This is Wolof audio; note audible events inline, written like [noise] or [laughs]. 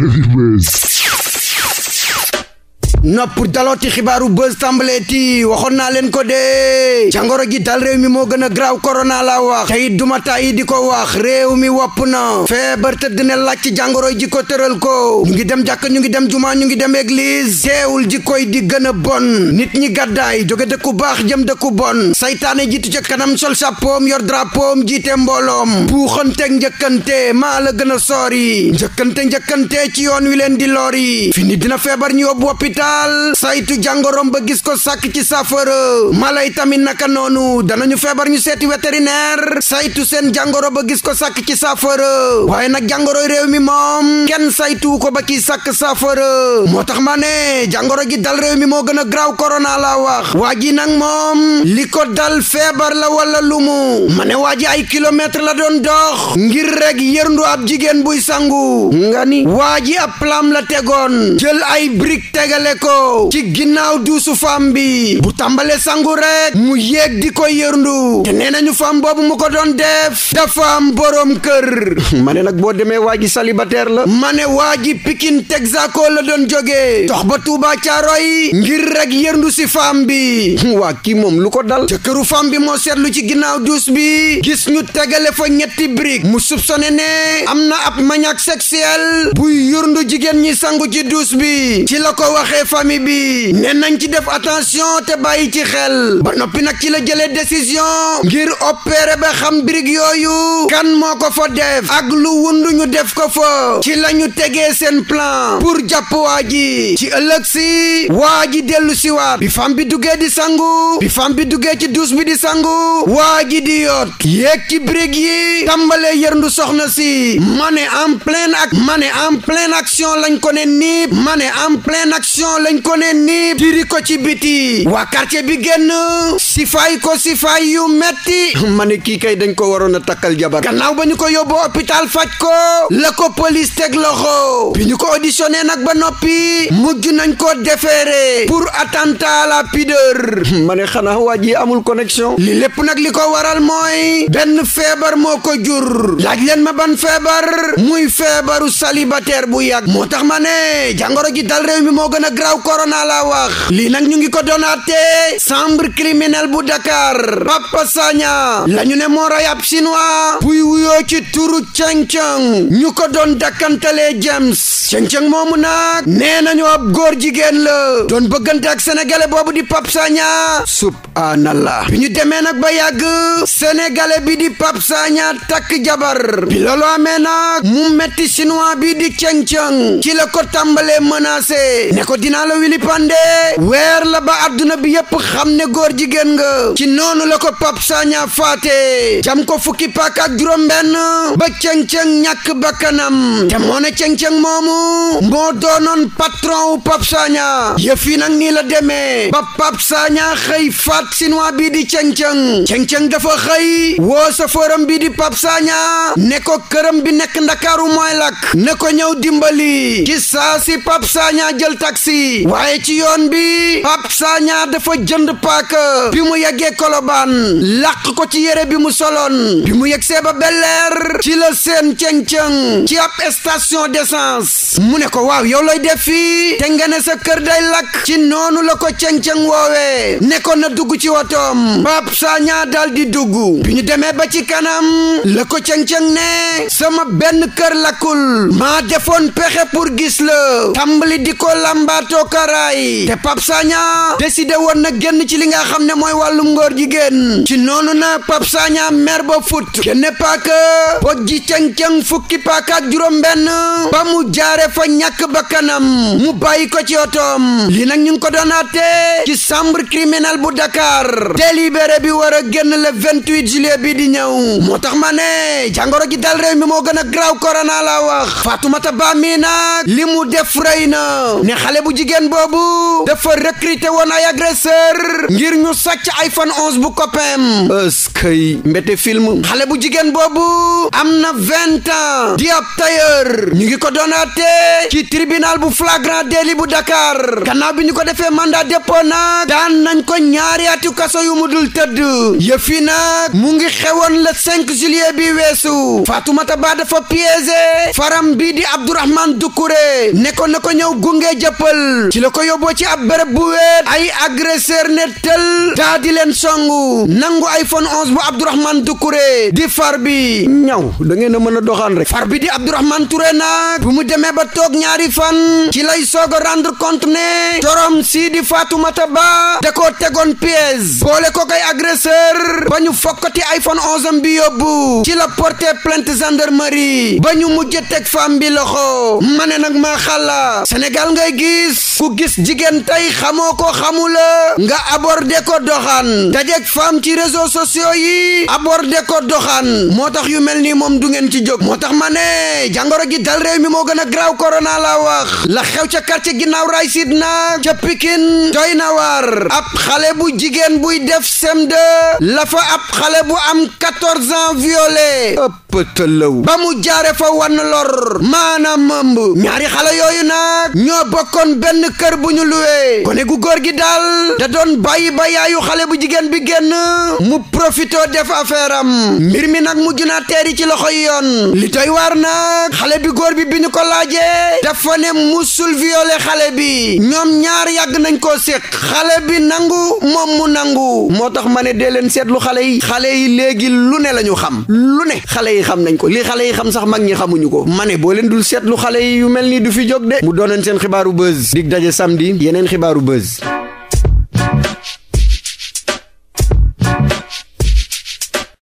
Heavyweight. nopp dalooti xibaaru buzz tàmbaleeti waxoon naa leen ko dee jàngoro gi dal réew mi moo gën a graaw korona la wax te it duma tàyyi di ko wax réew mi wopp na feebar tëdd ne laaj ci jàngoro ji ko tëral ko ñu ngi dem jàkk ñu ngi dem jumaa ñu ngi dem église sewul ji koy di gën a bon nit ñi gàddaay jóge dëkku baax jëm dëkku bon saytaane jiitu ca kanam sol sapoom yor drapoom jiite mbooloom buuxanteeg njëkkante maa la gën a soori njëkkante njëkkante ci yoon wi leen di lori dina feebar ñu daal saytu jàngorom ba gis ko sàkk ci saafara mala yi tamit naka noonu ñu feebar ñu seeti vétérinaire saytu seen jàngoro ba gis ko sàkk ci saafara waaye nag jàngoro réew mi moom kenn saytu ko ba ki sàkk saafara moo tax ma ne jàngoro gi dal réew mi moo gën a graw korona la wax waa ji nag moom li ko dal feebar la wala lumu ma ne ji ay kilomètre la doon dox ngir rek yërndu ab jigéen buy sangu nga ni waa ji la tegoon jël ay brique tegale ko ci ginnaaw duusu fam bi bu tàmbalee sangu rek mu yéeg di ko yërndu te nee nañu fam boobu mu ko doon def dafa am boroom kër [laughs] ma ne nag boo demee waa ji célibataire la ma ne waa ji pikin texaco la doon jógee tox ba tuuba caaroy ngir rek yërndu si faam bi [laughs] waa kii moom lu ko dal te këru fam bi moo seetlu ci ginnaaw duus bi gis ñu tegale fa ñetti brique mu soupçonné ne am na ab maniaque sexuel buy yërndu jigéen ñi sangu ci duus bi ci la ko waxee famille bi ne nañ ci def attention te bàyyi ci xel ba noppi nag ci la jëlee décision ngir opérer ba xam birig yooyu kan moo ko fa def ak lu def ko fa ci la ñu tegee seen plan pour jàpp waa ji ci ëllëg si waa ji dellu si bi fam bi duggee di sangu bi fam bi duggee ci douche bi di sangu waa ji di yoot yéeg ci birig yi tàmbalee yërndu soxna si ma ne en pleine ak ma ne en pleine action lañ ko ne niib ma ne en pleine action lañ ko ne niib diri ko ci biti waa quartier bi génn sifaay ko sifaay yu metti [laughs] ma ne kii kay dañ ko waroon a takkal jabar gannaaw ba ñu ko yóbbu hôpital faj ko la ko police teg loxo bi ñu ko auditionné nag ba noppi mujj nañ ko déféré pour attentat à la pudeur [laughs] ma xanaa waa ji amul connexion li lépp nag li ko waral mooy benn feebar moo ko jur laaj leen ma ban feebar muy feebaru célibataire bu yàgg moo tax ma ne jàngoro ji dal réew mi moo gën a graw corona la wax lii nag ñu ngi ko donaté chambre criminelle tribunal bu Dakar Papa la ñu ne moo rey ab chinois buy wuyoo ci turu ceng-ceng ñu ko doon dakkantalee James ceng-ceng moomu nag nee nañu ab góor jigéen la doon bëggante ak sénégalais boobu di Papa Sagna subhanallah bi ñu demee nag ba yàgg sénégalais bi di Papa takk jabar bi loolu amee nag mu metti chinois bi di ceng-ceng ci la ko tàmbalee menacé ne ko dinaa wili pande weer la ba adduna bi yépp xam ne góor jigéen jàng ci noonu la ko Pape Sagna faate jam ko fukki paak ak juróom-benn ba ceng-ceng ñàkk bakkanam te moo ne ceng-ceng moomu moo doonoon patron wu Pape Sagna yëf yi nag nii la demee ba Pape Sagna xëy faat Chinois bii di ceng-ceng ceng-ceng dafa xëy woo safooram bii di Pape Sagna ne ko këram bi nekk ndakaaru mooy lakk ne ko ñëw dimbali ci saa si Pape Sagna jël taxi waaye ci yoon bi Pape Sagna dafa jënd paaka mu yeggee kolobaan làq ko ci yére bi mu soloon bi mu yegsee ba belleer ci la seen ceng ci ab station d'essence mu ne ko waaw yow looy def fii te nga ne sa kër day lakk ci noonu la ko ceng-ceng woowee ne ko na dugg ci wotoom Pape Sagna dal di dugg bi ñu demee ba ci kanam la ko ceng-ceng ne sama benn kër lakkul maa defoon pexe pour gis la tàmbali di ko lambaatoo karaay te Pape Sagna décidé woon na génn ci li nga xam ne mooy wàllum ngóor jigéen ci noonu na Pape Sagna mer ba fut kenne paaka poj ceng-ceng fukki paaka ak juróom benn ba mu jaare fa ñàkk bakkanam mu bàyyi ko ci otoom li nag ñu ngi ko doon àtte ci chambre criminelle bu Dakar délibéré bi war a génn le 28 juillet bi di ñëw moo tax ma ne jàngoro ji dal réew mi moo gën a graw korona la wax Fatoumata Ba mi nag li mu def rëy na ne xale bu jigéen boobu dafa recruter woon ay agresseur ngir ñu sàcc iPhone 11 bu copain ëskay mbete film xale bu jigéen boobu am na vingt di ab tailleur doon àtte ci tribunal bu flagrant délit bu Dakar gannaaw bi ñu ko defee mandat dépôt nag daan nañ ko ñaari atu kaso yu mu dul tëdd yëf yi nag mu ngi xewoon la 5 juillet bi weesu Fatoumata Ba dafa piégé faram bii di Abdourahmane Doucouré nekkoon na ko ñëw gunge jëppal ci la ko yóbboo ci ab bërëb bu weet ay agresseur ne tël daa di leen songu nangu iPhone 11 bu Abdourahmane Doucouré di far bi ñaw da ngeen mën a doxaan rek far bi di Abdourahmane Touré nag bu mu demee ba toog ñaari fan ci lay soog a rendre compte ne corom sii di Fatoumata Ba da koo tegoon piège boole ko kay agresseur ba ñu fokkati iPhone 11 am bi yóbbu ci la porter plainte gendarmerie ba ñu mujj teg fam bi loxo ma ne nag maa xàlla Sénégal ngay gis ku gis jigéen tey xamoo ko xamula nga aborder ko doxaan dajeeg femme ci réseaux sociaux yi aborder ko doxaan moo tax yu mel nii moom du ngeen ci jóg moo tax ma ne jàngoro gi dal réew mi moo gën a graaw corona la wax la xew ca quartier ginnaaw raay sid na ca Pikine doy na ab xale bu jigéen buy def sem de la fa ab xale bu am 14 ans violé pëtëlëw ba mu jaare fa wan lor maanaam mëmb ñaari xale yooyu nag ñoo bokkoon benn kër bu ñu luwee gone gu góor gi daal da doon bàyyi ba yaayu xale bu jigéen bi génn mu profito def affaire am mbir mi nag mujj naa teeri ci loxoy yoon li doy waar nag xale bi góor bi bi ñu ko laajee dafa ne mu musul violé xale bi ñoom ñaar yàgg nañ ko séq xale bi nangu moom mu nangu moo tax ma ne dee leen seetlu xale yi xale yi léegi lu ne la ñu xam lu ne xale yi xam nañ ko li xale yi xam sax mag ñi xamuñu ko ma boo leen dul seetlu xale yi yu mel nii du fi jóg de mu doonoon seen xibaaru buzz dig daje samedi yeneen xibaaru buzz